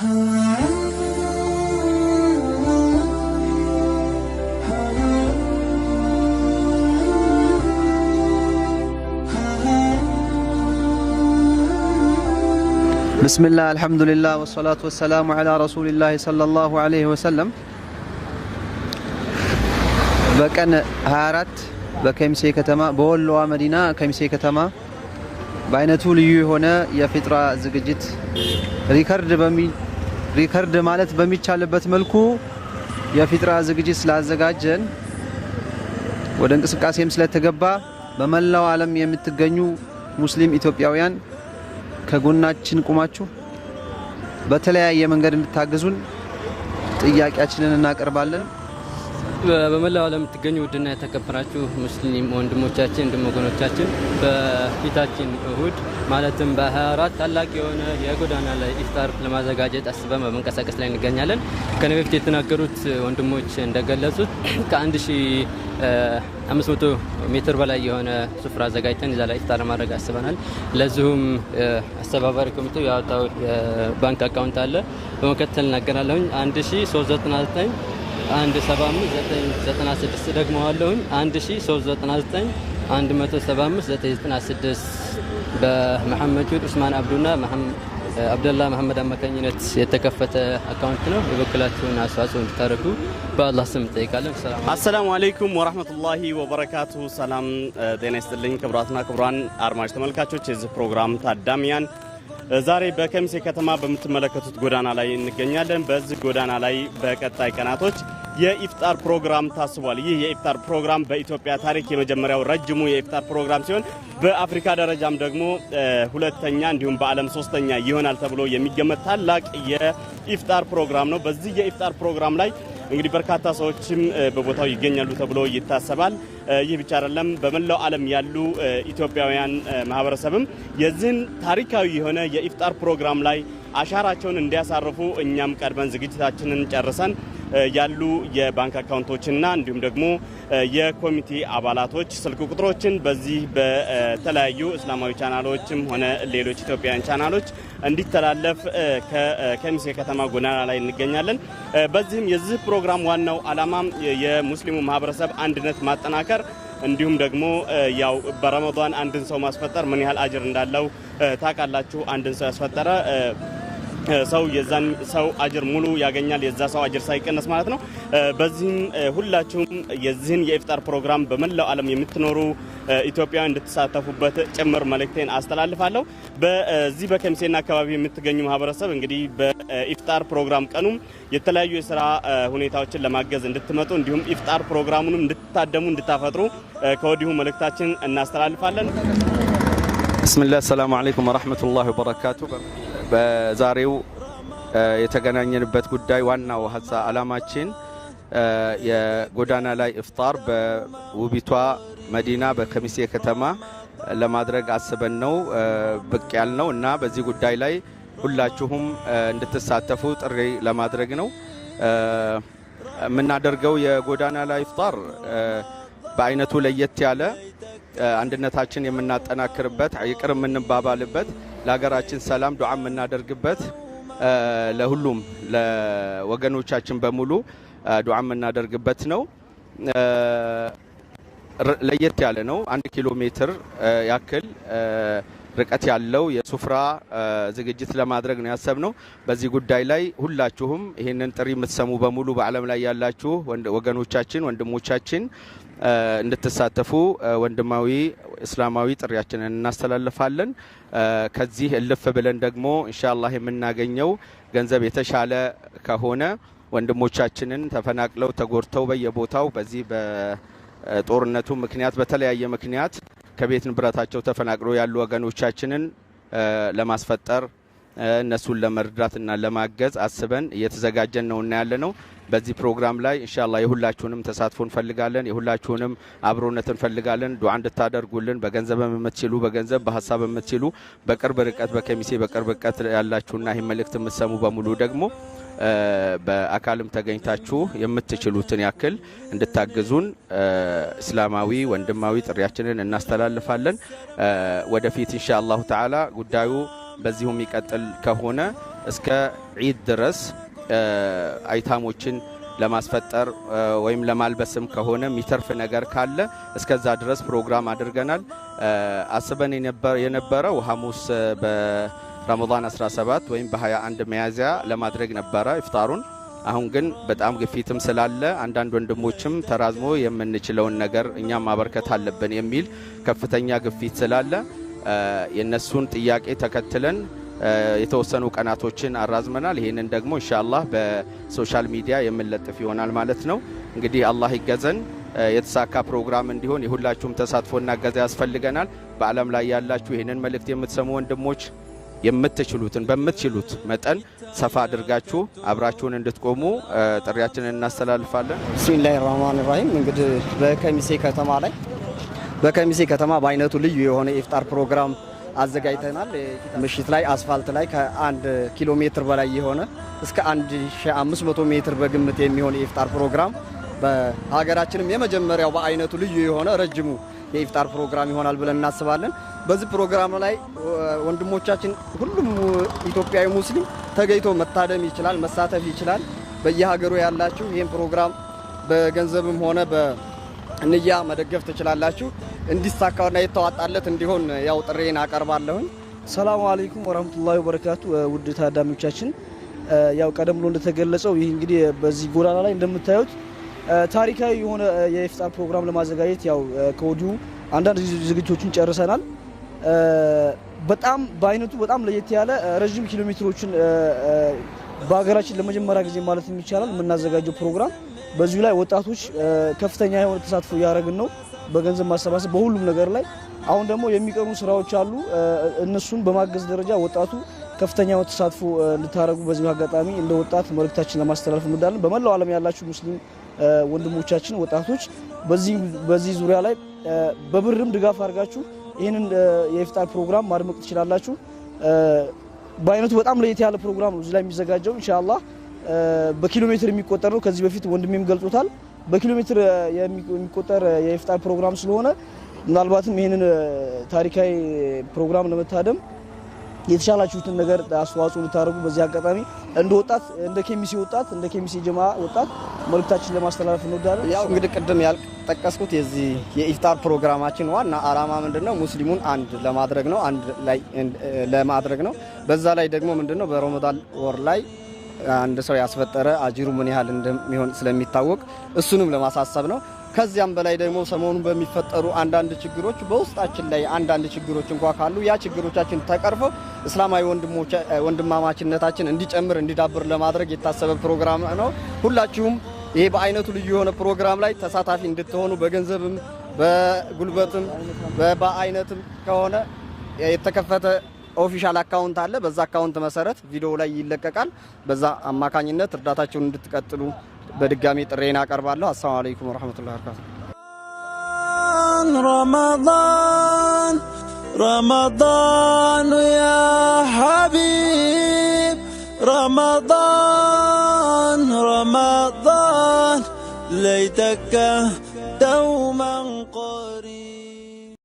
بسم الله الحمد لله والصلاة والسلام على رسول الله صلى الله عليه وسلم بكن هارت بكم سي كتما بول لوا مدينة كم سي كتما بين طول هنا يا فترة زجيت ريكارد بمي ሪከርድ ማለት በሚቻልበት መልኩ የፊጥራ ዝግጅት ስላዘጋጀን ወደ እንቅስቃሴም ስለተገባ በመላው ዓለም የምትገኙ ሙስሊም ኢትዮጵያውያን ከጎናችን ቁማችሁ በተለያየ መንገድ እንድታግዙን ጥያቄያችንን እናቀርባለን። በመላው ዓለም የምትገኙ ውድና የተከበራችሁ ሙስሊም ወንድሞቻችን እንድም ወገኖቻችን በፊታችን እሁድ ማለትም በ24 ታላቅ የሆነ የጎዳና ላይ ኢፍጣር ለማዘጋጀት አስበን በመንቀሳቀስ ላይ እንገኛለን። ከኔ በፊት የተናገሩት ወንድሞች እንደገለጹት ከ1500 ሜትር በላይ የሆነ ስፍራ አዘጋጅተን እዛ ላይ ኢፍጣር ለማድረግ አስበናል። ለዚሁም አስተባባሪ ኮሚቴው ያወጣው ባንክ አካውንት አለ በመከተል እናገራለሁኝ 1399 አንድ ሰባ አምስት ዘጠኝ ዘጠና ስድስት ደግመዋለሁኝ አንድ ሺ ሶስት ዘጠና ዘጠኝ አንድ መቶ ሰባ አምስት ዘጠኝ ዘጠና ስድስት በመሐመድ አብዱና አብደላ መሐመድ አማካኝነት የተከፈተ አካውንት ነው። የበኩላችሁን አስተዋጽኦ እንድታደርጉ በአላህ ስም እንጠይቃለን። አሰላሙ አለይኩም ወራህመቱላሂ ወበረካቱ። ሰላም ጤና ይስጥልኝ ክቡራትና ክቡራን አድማጭ ተመልካቾች የዚህ ፕሮግራም ታዳሚያን ዛሬ በከሚሴ ከተማ በምትመለከቱት ጎዳና ላይ እንገኛለን። በዚህ ጎዳና ላይ በቀጣይ ቀናቶች የኢፍጣር ፕሮግራም ታስቧል። ይህ የኢፍጣር ፕሮግራም በኢትዮጵያ ታሪክ የመጀመሪያው ረጅሙ የኢፍጣር ፕሮግራም ሲሆን በአፍሪካ ደረጃም ደግሞ ሁለተኛ እንዲሁም በዓለም ሶስተኛ ይሆናል ተብሎ የሚገመት ታላቅ የኢፍጣር ፕሮግራም ነው። በዚህ የኢፍጣር ፕሮግራም ላይ እንግዲህ በርካታ ሰዎችም በቦታው ይገኛሉ ተብሎ ይታሰባል። ይህ ብቻ አይደለም። በመላው ዓለም ያሉ ኢትዮጵያውያን ማህበረሰብም የዚህን ታሪካዊ የሆነ የኢፍጣር ፕሮግራም ላይ አሻራቸውን እንዲያሳርፉ እኛም ቀድመን ዝግጅታችንን ጨርሰን ያሉ የባንክ አካውንቶችና እንዲሁም ደግሞ የኮሚቴ አባላቶች ስልክ ቁጥሮችን በዚህ በተለያዩ እስላማዊ ቻናሎችም ሆነ ሌሎች ኢትዮጵያውያን ቻናሎች እንዲተላለፍ ከሚሴ ከተማ ጎዳና ላይ እንገኛለን። በዚህም የዚህ ፕሮግራም ዋናው ዓላማ የሙስሊሙ ማህበረሰብ አንድነት ማጠናከር እንዲሁም ደግሞ ያው በረመዷን አንድን ሰው ማስፈጠር ምን ያህል አጅር እንዳለው ታውቃላችሁ። አንድን ሰው ያስፈጠረ ሰው የዛን ሰው አጅር ሙሉ ያገኛል። የዛ ሰው አጅር ሳይቀነስ ማለት ነው። በዚህም ሁላችሁም የዚህን የኢፍጣር ፕሮግራም በመላው ዓለም የምትኖሩ ኢትዮጵያውያን እንድትሳተፉበት ጭምር መልእክቴን አስተላልፋለሁ። በዚህ በከሚሴና አካባቢ የምትገኙ ማህበረሰብ እንግዲህ በኢፍጣር ፕሮግራም ቀኑም የተለያዩ የስራ ሁኔታዎችን ለማገዝ እንድትመጡ እንዲሁም ኢፍጣር ፕሮግራሙንም እንድትታደሙ እንድታፈጥሩ ከወዲሁ መልእክታችን እናስተላልፋለን። ብስሚላ ሰላሙ አለይኩም ወረሕመቱላህ ወበረካቱ። በዛሬው የተገናኘንበት ጉዳይ ዋናው ሀሳ አላማችን የጎዳና ላይ እፍጣር በውቢቷ መዲና በከሚሴ ከተማ ለማድረግ አስበን ነው ብቅ ያል ነው እና በዚህ ጉዳይ ላይ ሁላችሁም እንድትሳተፉ ጥሪ ለማድረግ ነው የምናደርገው። የጎዳና ላይ እፍጣር በአይነቱ ለየት ያለ አንድነታችን የምናጠናክርበት ይቅር የምንባባልበት ለሀገራችን ሰላም ዱዓ የምናደርግበት ለሁሉም ለወገኖቻችን በሙሉ ዱዓ የምናደርግበት ነው። ለየት ያለ ነው። አንድ ኪሎ ሜትር ያክል ርቀት ያለው የሱፍራ ዝግጅት ለማድረግ ነው ያሰብነው። በዚህ ጉዳይ ላይ ሁላችሁም ይህንን ጥሪ የምትሰሙ በሙሉ በዓለም ላይ ያላችሁ ወገኖቻችን፣ ወንድሞቻችን እንድትሳተፉ ወንድማዊ እስላማዊ ጥሪያችንን እናስተላልፋለን። ከዚህ እልፍ ብለን ደግሞ ኢንሻአላህ የምናገኘው ገንዘብ የተሻለ ከሆነ ወንድሞቻችንን ተፈናቅለው ተጎድተው በየቦታው በዚህ በጦርነቱ ምክንያት በተለያየ ምክንያት ከቤት ንብረታቸው ተፈናቅለው ያሉ ወገኖቻችንን ለማስፈጠር እነሱን ለመርዳትና ለማገዝ አስበን እየተዘጋጀን እና ያለ ነው። በዚህ ፕሮግራም ላይ እንሻላ የሁላችሁንም ተሳትፎ እንፈልጋለን። የሁላችሁንም አብሮነት እንፈልጋለን። ዱዓ እንድታደርጉልን በገንዘብ የምትችሉ በገንዘብ በሀሳብ የምትችሉ በቅርብ ርቀት በከሚሴ በቅርብ ርቀት ያላችሁና ይህ መልእክት የምትሰሙ በሙሉ ደግሞ በአካልም ተገኝታችሁ የምትችሉትን ያክል እንድታግዙን እስላማዊ ወንድማዊ ጥሪያችንን እናስተላልፋለን። ወደፊት እንሻ አላሁ ተዓላ ጉዳዩ በዚሁ የሚቀጥል ከሆነ እስከ ዒድ ድረስ አይታሞችን ለማስፈጠር ወይም ለማልበስም ከሆነ የሚተርፍ ነገር ካለ እስከዛ ድረስ ፕሮግራም አድርገናል። አስበን የነበረው ሐሙስ ረመዳን 17 ወይም በ21 መያዝያ ለማድረግ ነበረ ኢፍጣሩን። አሁን ግን በጣም ግፊትም ስላለ አንዳንድ ወንድሞችም ተራዝሞ የምንችለውን ነገር እኛም ማበርከት አለብን የሚል ከፍተኛ ግፊት ስላለ የእነሱን ጥያቄ ተከትለን የተወሰኑ ቀናቶችን አራዝመናል። ይህንን ደግሞ ኢንሻአላህ በሶሻል ሚዲያ የምንለጥፍ ይሆናል ማለት ነው። እንግዲህ አላህ ይገዘን። የተሳካ ፕሮግራም እንዲሆን የሁላችሁም ተሳትፎና እገዛ ያስፈልገናል። በዓለም ላይ ያላችሁ ይህንን መልእክት የምትሰሙ ወንድሞች የምትችሉትን በምትችሉት መጠን ሰፋ አድርጋችሁ አብራችሁን እንድትቆሙ ጥሪያችንን እናስተላልፋለን። ብስሚላህ ራህማን ራሂም። እንግዲህ በከሚሴ ከተማ ላይ በከሚሴ ከተማ በአይነቱ ልዩ የሆነ የኢፍጣር ፕሮግራም አዘጋጅተናል። ምሽት ላይ አስፋልት ላይ ከአንድ ኪሎ ሜትር በላይ የሆነ እስከ 1500 ሜትር በግምት የሚሆን የኢፍጣር ፕሮግራም በሀገራችንም የመጀመሪያው በአይነቱ ልዩ የሆነ ረጅሙ የኢፍጣር ፕሮግራም ይሆናል ብለን እናስባለን። በዚህ ፕሮግራም ላይ ወንድሞቻችን ሁሉም ኢትዮጵያዊ ሙስሊም ተገኝቶ መታደም ይችላል፣ መሳተፍ ይችላል። በየሀገሩ ያላችሁ ይህን ፕሮግራም በገንዘብም ሆነ በንያ መደገፍ ትችላላችሁ። እንዲሳካውና የተዋጣለት እንዲሆን ያው ጥሬን አቀርባለሁኝ። ሰላሙ አለይኩም ወረህመቱላሂ ወበረካቱ ውድ ታዳሚዎቻችን፣ ያው ቀደም ብሎ እንደተገለጸው ይህ እንግዲህ በዚህ ጎዳና ላይ እንደምታዩት ታሪካዊ የሆነ የኢፍጣር ፕሮግራም ለማዘጋጀት ያው ከወዲሁ አንዳንድ ዝግጅቶችን ጨርሰናል። በጣም በአይነቱ በጣም ለየት ያለ ረዥም ኪሎ ሜትሮችን በሀገራችን ለመጀመሪያ ጊዜ ማለት ይቻላል የምናዘጋጀው ፕሮግራም በዚሁ ላይ ወጣቶች ከፍተኛ የሆነ ተሳትፎ እያደረግን ነው፣ በገንዘብ ማሰባሰብ፣ በሁሉም ነገር ላይ። አሁን ደግሞ የሚቀሩ ስራዎች አሉ። እነሱን በማገዝ ደረጃ ወጣቱ ከፍተኛ የሆነ ተሳትፎ እንድታደረጉ በዚሁ አጋጣሚ እንደ ወጣት መልእክታችን ለማስተላለፍ እንወዳለን። በመላው ዓለም ያላችሁ ሙስሊም ወንድሞቻችን ወጣቶች በዚህ ዙሪያ ላይ በብርም ድጋፍ አድርጋችሁ ይህንን የኢፍጣር ፕሮግራም ማድመቅ ትችላላችሁ። በአይነቱ በጣም ለየት ያለ ፕሮግራም ነው እዚህ ላይ የሚዘጋጀው። ኢንሻአላህ በኪሎ ሜትር የሚቆጠር ነው። ከዚህ በፊት ወንድሜም ገልጾታል። በኪሎ ሜትር የሚቆጠር የኢፍጣር ፕሮግራም ስለሆነ ምናልባትም ይህንን ታሪካዊ ፕሮግራም ለመታደም የተሻላችሁትን ነገር አስተዋጽኦ ልታደርጉ በዚህ አጋጣሚ እንደ ወጣት እንደ ኬሚሴ ወጣት እንደ ኬሚሴ ጀማ ወጣት መልእክታችን ለማስተላለፍ እንወዳለን። ያው እንግዲህ ቅድም ያልጠቀስኩት የዚህ የኢፍጣር ፕሮግራማችን ዋና አላማ ምንድነው? ሙስሊሙን አንድ ለማድረግ ነው፣ አንድ ላይ ለማድረግ ነው። በዛ ላይ ደግሞ ምንድነው በረመዳን ወር ላይ አንድ ሰው ያስፈጠረ አጅሩ ምን ያህል እንደሚሆን ስለሚታወቅ እሱንም ለማሳሰብ ነው። ከዚያም በላይ ደግሞ ሰሞኑን በሚፈጠሩ አንዳንድ ችግሮች በውስጣችን ላይ አንዳንድ ችግሮች እንኳ ካሉ ያ ችግሮቻችን ተቀርፈው እስላማዊ ወንድማማችነታችን እንዲጨምር እንዲዳብር ለማድረግ የታሰበ ፕሮግራም ነው። ሁላችሁም ይሄ በአይነቱ ልዩ የሆነ ፕሮግራም ላይ ተሳታፊ እንድትሆኑ በገንዘብም በጉልበትም በአይነትም ከሆነ የተከፈተ ኦፊሻል አካውንት አለ። በዛ አካውንት መሰረት ቪዲዮ ላይ ይለቀቃል። በዛ አማካኝነት እርዳታቸውን እንድትቀጥሉ በድጋሚ ጥሬን አቀርባለሁ። አሰላሙ አለይኩም ወረህመቱላሂ ወበረካቱህ። رمضان يا حبيب رمضان رمضان ليتك دوما